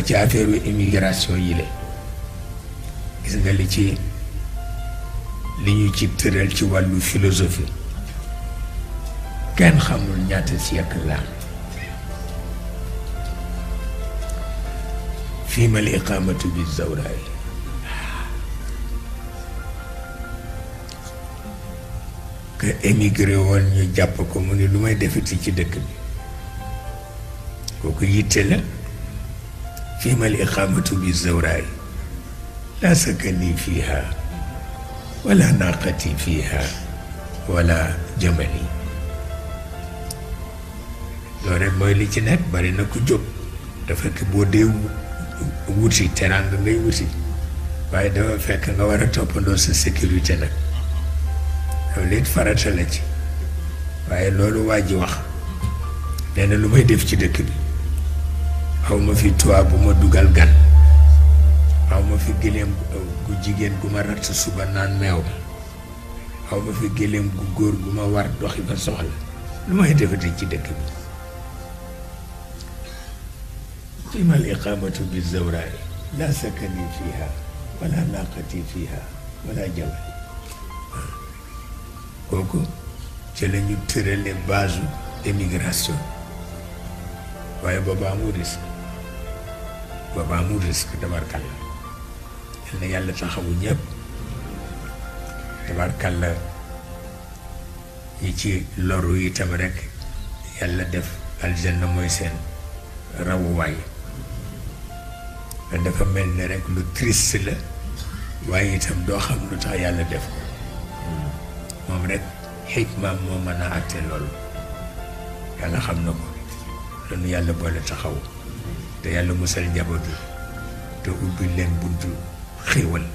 ba ci affaire immigration yi gis nga li ci li ñu ci tëral ci wàllu philosophie kenn xamul ñaata siècle la fii ma li bi zawraay que émigré woon ñu jàpp ko mu ni lu may defati ci dëkk bi kooku yitte la فيما الإقامة بالزوراء لا سكني فيها ولا ناقتي فيها wala jamani loolu rek mooy li ci nekk bari na ku jóg te fekk boo dee wuti teraanga ngay wuti waaye dafa fekk nga war a toppandoo sa sécurité nag loolu it farata la ci waaye loolu waa ji wax nee na lu may def ci dëkk bi xaw ma fi tuwaa bu ma dugal gan aw ma fi gëléem gu jigéen gu ma ratt suba naan meew aw ma fi gëléem gu góor gu ma war doxi ba soxla lu may defati ci dëkk bi qiimal iqaamatu bi zawraay laa sakani fiiha wala naaqati fiiha wala jawal kooku ci la ñu tërale base émigration waaye booba amul risque ba ba amul risque tabarkal la yal na yàlla taxawu ñëpp tabarkal la ñi ci loru itam rek yàlla def aljanna mooy seen rawuwaay dafa mel ni rek lu triste la waaye itam doo xam lu tax yàlla def ko moom rek xikmaam moo mën a àtte loolu yàlla xam na ko lanu yàlla boole taxaw te yàlla musal njaboot yi te ubbi leen buntu xéewal